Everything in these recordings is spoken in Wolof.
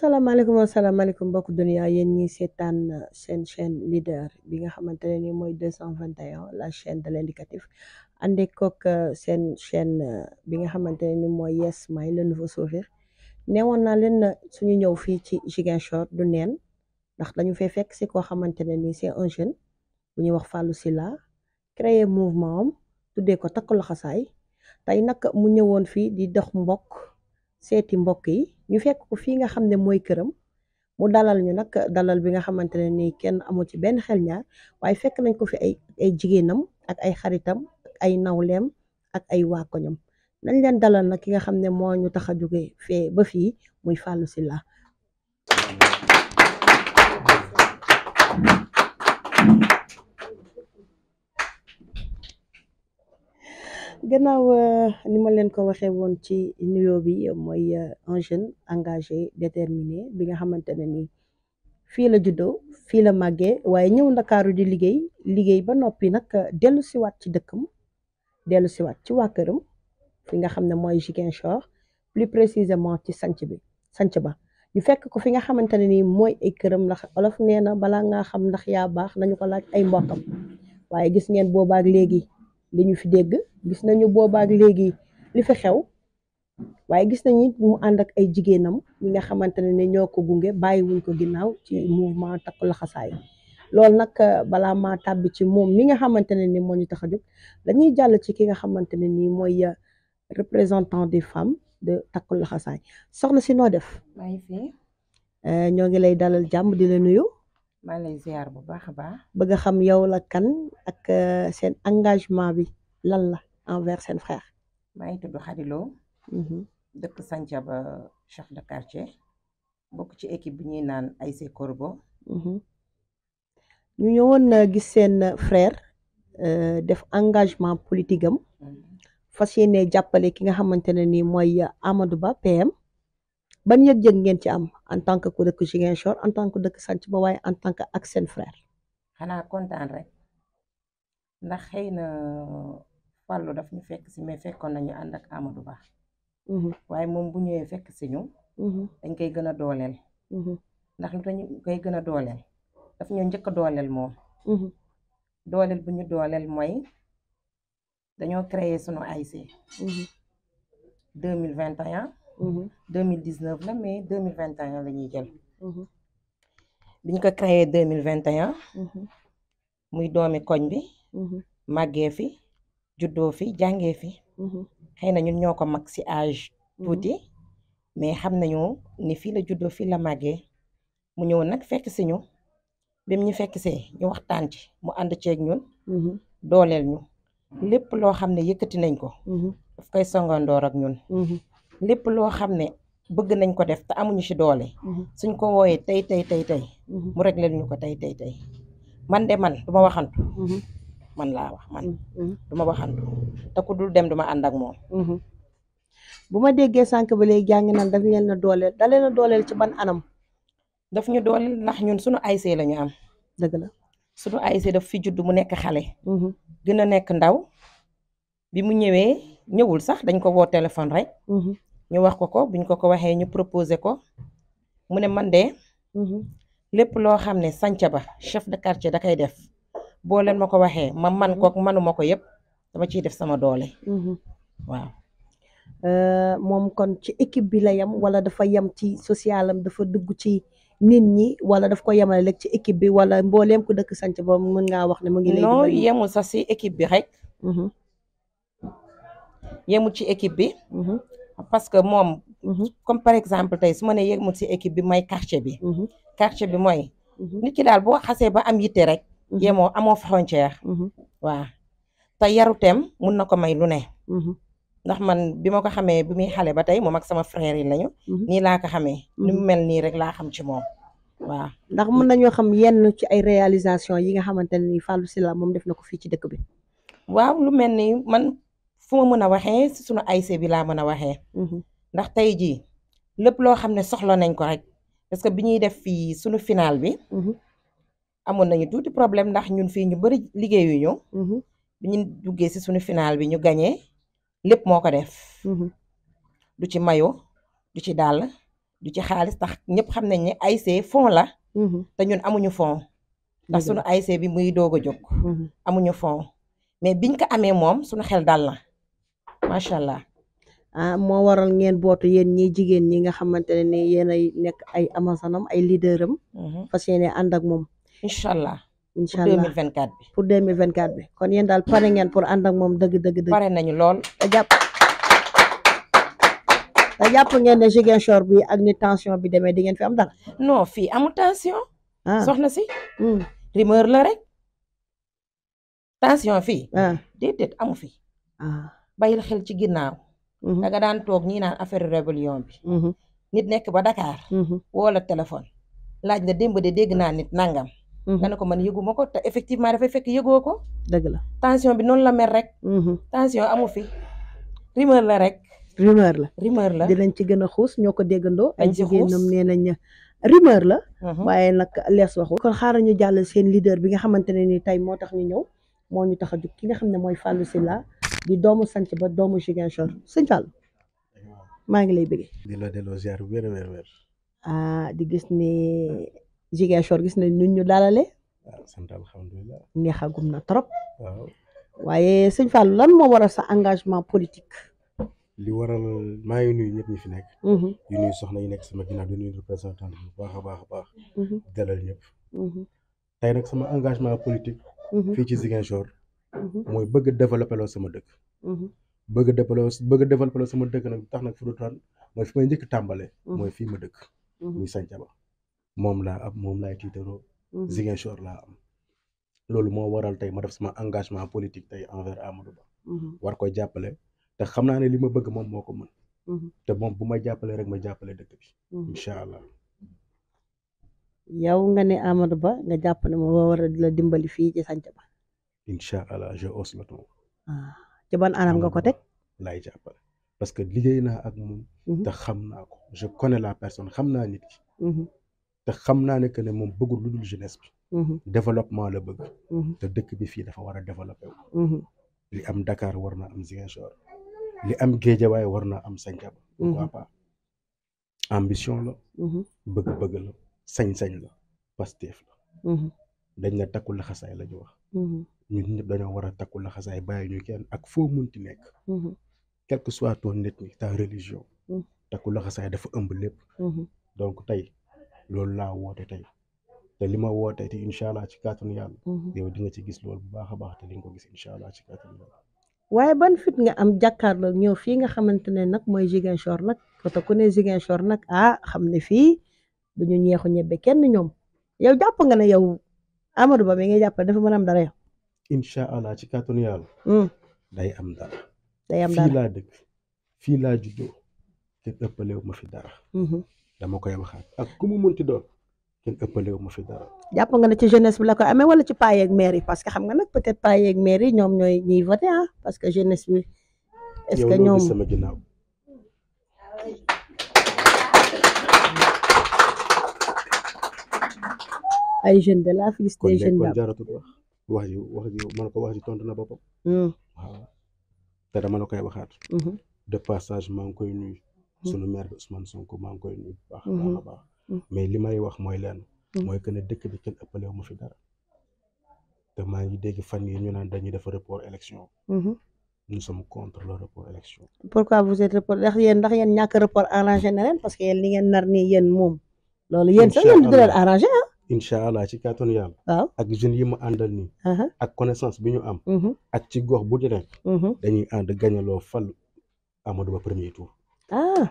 asalaamaaleykum asalaamaaleykum mbokku dunia yéen ñi seetaan seen chaîne leader bi nga xamante ne nii mooy 221 la chaine de l'indicatif ànd koog euh, seen chaîne euh, bi nga xamante ne nii mooy Yes Mail le nouveau sourire neewoon naa leen suñu ñëw fii ci Ziguinchor du neen ndax dañu fe fekk si koo xamante ne nii c'est un jeune bu ñuy wax Fallou Sylla créer mouvement am tuddee ko takku laxasaay tey nag mu ñëwoon fii di dox mbokk. seeti mbokk yi ñu fekk ko fii nga xam ne mooy këram mu dalal ñu nag dalal bi nga xamante ne nii kenn amu ci benn xel ñaar waaye fekk nañ ko fi ay ay jigéenam ak ay xaritam ak ay nawleem ak ay waa koñam nañ leen dalal nag ki nga xam ne moo ñu tax a jóge fee ba fii muy Fallou la gannaaw euh, ni ma leen ko waxee woon ci nuyoo bi mooy euh, un jeune engagé déterminé bi nga xamante ne ni fii la juddoo fii la màggee waaye ñëw ndakaaru di liggéey liggéey ba noppi nag dellu siwaat ci dëkkam dellu siwaat ci waa këram fi nga xam ne mooy Ziguinchor plus précisément ci sanc bi sanc ba ñu fekk ko fi nga xamante ne nii mooy ay këram ndax olof nee na balaa ngaa xam ndax yaa baax nañu ko laaj ay mbokkam waaye gis ngeen boobaak léegi li ñu fi dégg gis nañu boobaak léegi li fi xew waaye gis nañu it mu ànd ak ay jigéenam ñi nga xamante ne ñoo ko gunge bàyyiwuñ ko ginnaaw ci mouvement takkul laxasaay loolu nag euh, balaa maa tàbbi ci moom mi nga xamante ne ni moo ñu tax a jóg dañuy jàll ci ki nga xamante ne nii mooy euh, représentant des femmes de takkul laxasaay soxna si noo def. Euh, ñoo ngi lay dalal jàmm di la nuyu. maa ngi lay bu baax a baax. bëgg a xam yow la kan ak euh, seen engagement bi lan la envers seen frère. maa ngi tudd Khady Lo. Mhm. dëkk Santhiaba chef de quartier. bokk ci équipe bi ñuy naan ASC Korgo. Mhm. ñu ñëwoon euh, gis seen euh, frère def engagement politique am. Mhm. fas yéene jàppale ki nga xamante ne nii mooy Amadou Ba PM. ban yëg-yëg ngeen ci am en tant que ku dëkk Ziguinchor en tant que dëkk Sànc bo waaye en tant que ak seen frère. xanaa kontaan rek ndax xëy na Fallou daf ñu fekk si mais fekkoon nañu ànd ak Amadou Ba. Mhm. waaye moom bu ñëwee fekk si ñu. Mhm. dañ koy gën a dooleel. Mhm. ndax lu dañu koy gën a dooleel daf ñoo njëkk a dooleel moom. dooleel bu ñu dooleel mooy dañoo créer sunu AIC. deux mille vingt et Mm-hmm. deux mille dix neuf la mais deux mille vingt et la ñuy jël mm-hmm. biñ ko créé deux mille vingt et mm-hmm. muy doomi koñ bi màggee fi juddoo fi jàngee fi xëy na ñun ko mag si âge tuuti mais xam nañu ni fii la juddoo fii la màggee mu ñëw nag fekk si ñu bim ñu fekk see ñu waxtaan ci mu ànd ceeg ñun dooleel ñu lépp loo xam ne yëkkati nañ ko daf koy songandoor ak ñun lépp loo xam ne bëgg nañ ko def te amuñu ci doole. Mhm. suñ ko wooyee tey tey tey tey. Mhm. mu réglé ko tey tey tey man de man du ma waxantu. Mhm. man laa wax man. du ma waxantu te ku dul dem du ma ànd ak moom. bu ma déggee sànq ba léegi jàng naan daf dooleel ci ban anam. daf ñu dooleel ndax ñun suñu ASC la ñu am. dëgg la suñu ASC daf fi judd mu nekk xale. gën a nekk ndaw bi mu ñëwee ñëwul sax dañ ko woo téléphone rek. ñu wax ko ko buñ ko ko waxee ñu proposé ko mu ne man de mm-hmm. lépp loo xam ne sanca ba chef de quartier da koy def boo leen ma ko waxee ma man ko mm-hmm. manuma ko yëpp dama ciy def sama doole mm-hmm. waaw euh, moom kon ci équipe bi la yem wala dafa yem ci socialam dafa dugg ci nit ñi wala daf ko yemale rek ci équipe bi wala mbooleem ko dëkk sanc ba mën ngaa wax ne mu ngi léegi non yemul sax si équipe bi rek yemul ci équipe bi parce que moom. Mhm. comme par exemple tey su ma nee yëg mu si équipe bi mooy quartier bi. Mhm. quartier bi mooy. Mhm. nit ki daal boo xasee ba am yitte rek. moo amoo frontière. waaw te yaruteem mun na ko may lu ne. ndax man bi ma ko xamee bi muy xale ba tey moom ak sama frère yi lañu. nii laa ko xamee. ni mu mel nii rek laa xam ci moom. waaw ndax mën ñoo xam yenn ci ay réalisation yi nga xamante ne nii Fallou Sylla moom def na ko fii ci dëkk bi. waaw lu mel ni man. fu mën a waxee si sunu ASC bi laa mën a waxee mhm. ndax tey jii lépp loo xam ne soxla nañ ko rek parce que bi ñuy def fii sunu final bi mhm. amoon nañu tuuti problème ndax ñun fii ñu bëri liggéeyuñu mhm. bi ñu duggee si sunu final bi ñu gañee lépp moo ko def du ci mayo du ci dàll du ci xaalis tax ñëpp xam nañ ne ASC fond la te ñun amuñu fond ndax sunu ASC bi muy doog a jóg amuñu fond mais biñ ko amee moom sunu xel dal na macha allah ah moo waral ngeen bootu yéen ñi jigéen ñi nga xamante ne ni yéen ay nekk ay amasanam ay leader am. Mhm. fas yéene ànd ak moom. incha allah incha allah pour 2024 bi. pour bi kon yéen daal pare ngeen pour ànd ak moom dëgg dëgg dëgg. pare nañu lool te jàpp. te jàpp ngeen ne Ziguinchor bi ak ni tension bi demee di ngeen fi am dara. non fii amul tension. Ah. soxna si. Hmm. rumeur la rek. tension fii. Ah. déedéet amu fi. Ah. bàyyil xel ci ginnaaw mhm. da nga daan toog ñii naan affaire rébellion bi mhm. nit nekk ba Dakar mhm. woo la téléphone laaj la démb de dégg naa nit nangam nga ne ko man yëgu ma ko te effectivement dafay fekk yëgoo ko dëgg la tension bi noonu la mel rek tension amu fi rumeur la rek rumeur la rumeur la dinañ ci gën a xuus ñoo ko déggandoo ay jigéenam nee nañ rumeur la waaye nak lees waxu kon xaaral ñu jàll seen leader bi nga xamante ne ni tey moo tax ñu ñëw moo ñu tax a jug ki nga xam ne mooy Fallou Sylla di doomu sant ba doomu Ziguinchor sëñ maa ngi lay bëggee. di la delloo ziar wér wér wér. ah di gis ni Ziguinchor gis na ñun ñu dalale. waaw ah, sant alhamdulilah. neexagum na trop. waaw waaye sëñ lan moo waral sa engagement politique. li waral maa ngi nuyu ñëpp ñi fi nekk. Mhm. di nuyu soxna yi nekk sama ginnaaw di nuyu représentant baax a baax a baax. Mhm. dalal ñëpp. Mhm. tey nag sama engagement politique. fii ci Ziguinchor. Mhm. mooy bëgg a développé sama dëkk. Mhm. bëgg a sama dëkk nag tax nag fu du tan mooy fi may njëkk tàmbale. Mhm. mooy fii ma dëkk. muy Santhiaba moom laa am moom laay tiitaroo. Ziguinchor laa am. loolu moo waral tey ma def sama engagement politique tey envers Amadou Ba. war koy jàppale te xam naa ne li ma bëgg moom moo ko mën. te moom bu ma jàppale rek ma jàppale dëkk bi. incha allah. yow nga ne Amadou Ba nga jàpp ne moo war a dimbali fii ci Santhiaba. incha allah je hausse le ton. ci ah. ban anam nga ko teg. laay jàppale parce que liggéey naa ak moom. Mhm. te xam naa ko je connais la personne xam naa nit ki. Mhm. te xam naa ne que ne moom bëggul lu dul jeunesse bi. Mhm. développement la bëgg. te dëkk bi fii dafa war a développé li am Dakar war na am Ziguinchor li am Guédiawaye war na am Santhiaba. pourquoi pas ambition la. bëgg-bëgg la sañ-sañ la Pastef la. dañ la takku laxasaay la ñu ñun ñëpp dañoo war a takku laxasaay bàyyi ñu kenn ak foo munti nekk. Mhm. quel que soit ton ethnie ta religion. Mhm. takku laxasaay dafa ëmb lépp. Mhm. donc tey loolu la woote tey te li ma woote te incha allah ci kàttanu yàlla. yow di nga ci gis loolu bu baax a baax te li ko gis incha allah ci kàttanu yàlla. waaye ban fit nga am jàkkaarloo ñëw fii nga xamante ne nag mooy Ziguinchor nag côté ku ne Ziguinchor nag ah xam ne fii du ñu ñeexu ñebbe kenn ñoom yow jàpp nga ne yow Amadou Ba mi ngay jàpp dafa mën a incha allah ci kàttanu yàlla. Hmm. day am dara. day am dara fii laa dëkk fii laa juddoo kenn ëppalewu ma fi dara. Hmm. dama koy waxaat ak ku mu munti doon kenn ëppalewu ma fi dara. jàpp nga ne ci jeunesse bi la koy amee wala ci paa yeeg maire parce que xam nga nag peut-être paa ñoom ñooy ñuy voté ah parce que jeunesse bi. est-ce que ñoom la fii wax ji wax ji man ko wax ji tontu na boppam. Hmm. waaw te dama la koy waxaat. Hmm. de passage maa ngi koy nuyu. Hmm. sunu maire bi Ousmane Sonko maa ngi koy nuyu bu baax a baax. mais li may wax mooy lenn. mooy que ne dëkk bi kenn ëppale wu ma fi dara. te maa ngi dégg fan yi ñu naan dañuy def report élection. nous sommes contre le report élection. moom. loolu yéen sax yéen du arrangé ah. incha allah ci kàttanu yàlla. waaw ak jeunes yi mu àndal nii. ak connaissance bi ñu am. Mhm. ak ci gox bu di mhm. dañuy ànd gañaloo fal Amadou Ba premier tour. ah.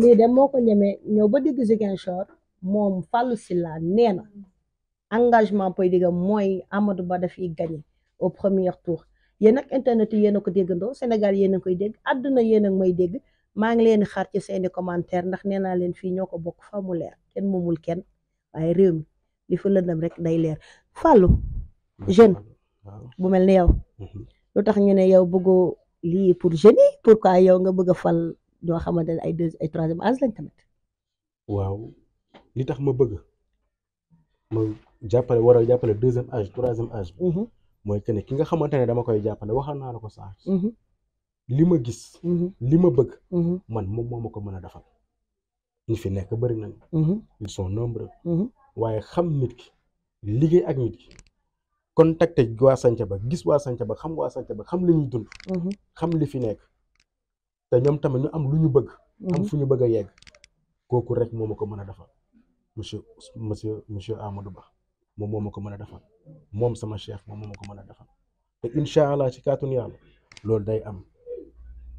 lii de moo ko ñemee ñëw ba digg Ziguinchor moom Fallou Sylla nee engagement politique am mooy Amadou Ba dafiy gagné au premier tour yéen ak internet yi yéen déggandoo Sénégal yéen a koy dégg àdduna may dégg. maa ngi leen xaar ci seeni commentaire ndax nee naa leen fii ñoo ko bokk fa mu leer kenn moomul kenn ay réew mi li fa lëndam rek day leer fàllu mm-hmm. jeune bu mel ni yow mm-hmm. lu tax ñu ne yow bëggoo lii pour jeunes yi pourquoi yow nga bëgg a fal ñoo xamante ne ay deux ay troisième âge lañ tamit waaw li tax ma bëgg ma jàppale war a jàppale deuxième âge troisième âge bi mm-hmm. mooy que ne ki nga xamante ne dama koy jàppale waxal naa la ko sax li ma gis. Mhm. li ma bëgg. Mhm. man moom moo ma ko mën a defal. ñu fi nekk bëri nañ. Mhm. ils sont waaye xam nit ki liggéey ak nit ki contacté waa Santhiaba gis waa Santhiaba xam waa Santhiaba xam li ñuy dund. xam li fi nekk te ñoom tamit ñu am lu ñu bëgg. am fu ñu bëgg a yegg kooku rek moom ma ko mën a defal monsieur monsieur monsieur Amadou Ba moom moom ma ko mën a defal moom sama chef moom moom ma ko mën a defal te incha allah ci kàttanu yàlla loolu day am.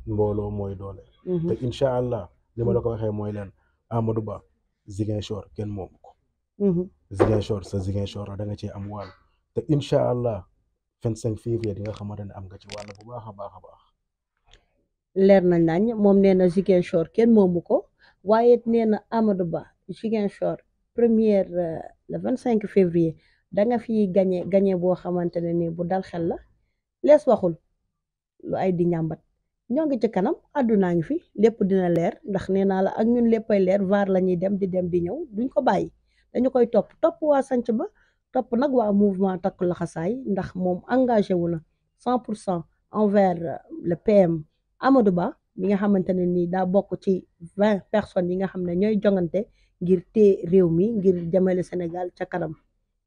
mbooloo mooy doole. Mhm. te incha allah li ma la mhm. ko waxee mooy leen Amadou Ba Ziguinchor kenn moomu ko. Mhm. Ziguinchor sa Ziguinchor da nga cee am wàll te incha allah vingt cinq février di nga xamante ne am nga ci wàll bu baax a baax a baax. leer nañ nañ moom nee na Ziguinchor kenn moomu ko waaye nee na Amadou Ba Ziguinchor première euh, le vingt cinq février da nga fi gañe gañe boo xamante ne ni bu dal xel la lees waxul lu ay di ñàmbat. ñoo ngi ci kanam àddunaa ngi fii lépp dina leer ndax nee naa la ak ñun léppay leer vaar la ñuy dem di dem di ñëw duñ ko bàyyi dañu koy topp topp waa sanc ba topp nag waa mouvement takku laxasaay ndax moom engagé wu na 100 pour cent envers euh, le PM Amadou Ba mi nga xamante ne nii daa bokk ci 20 personnes yi nga xam ne ñooy jongante ngir téye réew mi ngir jëmale Sénégal ca kanam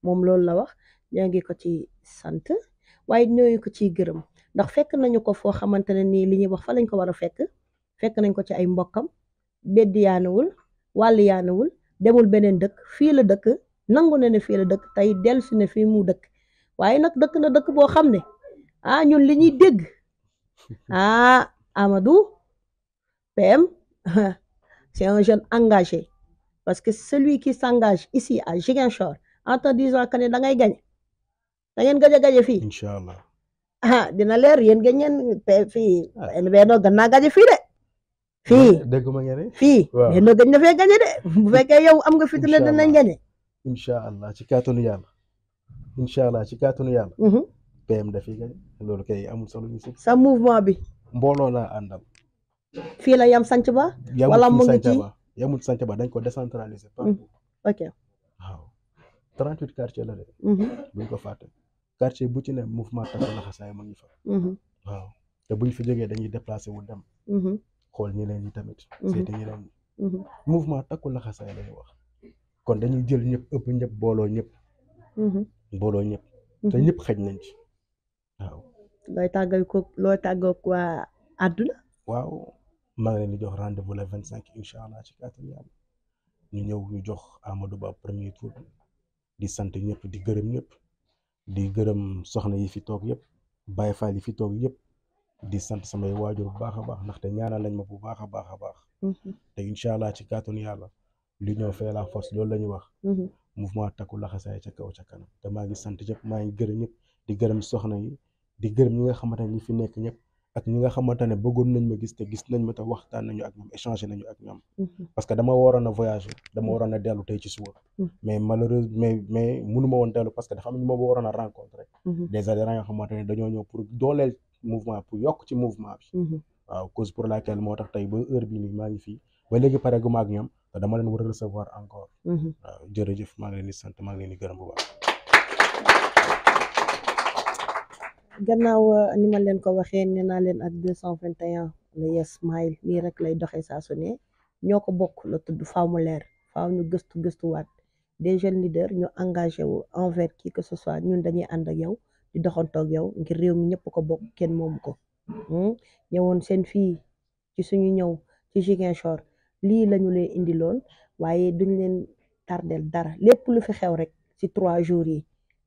moom loolu la wax ñoo ngi ko ci sant waaye ñoo ngi ko ciy gërëm. ndax fekk nañu ko foo xamante ne nii li ñuy wax fa lañ ko war a fekk fekk nañ ko ci ay mbokkam beddi yaanuwul wàll yaanuwul demul beneen dëkk fii la dëkk nangu na ne fii la dëkk tey dellusi ne fii mu dëkk waaye nag dëkk na dëkk boo xam ne ah ñun li ñuy dégg ah Amadou PM c'est un jeune engagé parce que celui qui s'engage ici à Ziguinchor en te disant que ne da ngay gañ da ngeen gaje gaje fii ah dina leer yéen ngeen ñeen fii ah. benn gannaa gaje fii de fii dégguma ngeen fii benn fee gaje de bu fekkee yow am nga fitile dinañ gañe incha allah ci kattanu yàlla incha allah ci kattanu yàlla PM mhm. dafay gañe loolu kay amul solo ñu si sa mouvement bi mbooloo laa àndal fii la yam sanc ba wala mu ngi ba dañ ko décentraliser mhm. partout ok waaw 38 quartier la de buñ mhm. ko fàtte quartier bu ci ne mouvement takku laxasaay mu ngi fa. Mhm. waaw te buñ fi jógee dañuy déplacé wu dem. Mhm. xool ñi leen tamit. seeti mhm. ñi leen ñi. mouvement takku laxasaay lañu kon dañuy jël ñëpp ëpp ñëpp booloo ñëpp. booloo ñëpp. ñëpp xaj nañ ci waaw. looy tàggal ko looy tàggal maa ngi leen di jox rendez vous le vingt cinq incha allah ci kàttan yàlla ñu ñëw ñu jox Amadou Ba premier tour di sant ñëpp di gërëm ñëpp. di gërëm soxna yi fi toog yëpp Baay Faal yi fi toog yëpp di sant samay waajur bu baax a baax ndaxte ñaanal lañ ma bu baax a baax a baax. Mm-hmm. te incha allah ci kàttanu yàlla l'union fait la force loolu la ñu wax. Mm-hmm. mouvement takku laxasaay ca kaw ca kanam te maa ngi sant ñëpp maa ngi gërëm ñëpp di gërëm soxna yi di gërëm ñi nga xamante ñi fi nekk ñëpp. ak ñi nga xamante ne bëggoon nañ ma gis te gis nañ ma te waxtaan nañu ak ñoom échangé nañu ak ñoom. Mm-hmm. parce que dama waroon a voyager dama mm-hmm. waroon a dellu tey ci suba. Mm-hmm. mais malheureusement mais mais woon dellu parce que dafa am ñu ma waroon a rencontré. dañoo ñëw pour dooleel mouvement pour yokk ci mouvement bi. waaw cause pour laquelle moo tax tey ba heure bii nii maa ba léegi pare gu ma ak dama leen war a recevoir encore. waaw jërëjëf gannaaw uh, ni ma leen ko waxee nee naa leen ak deux cent vingt et nii rek lay doxee saa su ñoo ko bokk la tudd faaw mu leer faw ñu gëstu gëstuwaat des jeunes leaders ñu engagé wu envers qui que ce soit ñun dañuy ànd ak yow di doxantoog yow ngir réew mi ñëpp ko bokk kenn moomu ko hmm? ñëwoon seen fii ci suñu ñëw ci Ziguinchor lii lañu leen indi loon waaye duñ leen tardel dara lépp lu fi xew rek ci trois jours yi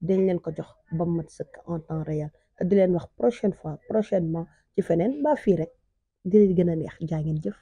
dañ leen ko jox ba mat sëkk en temps réel di leen wax prochaine fois prochainement ci feneen ba fii rek di leen gën a jaa ngeen jëf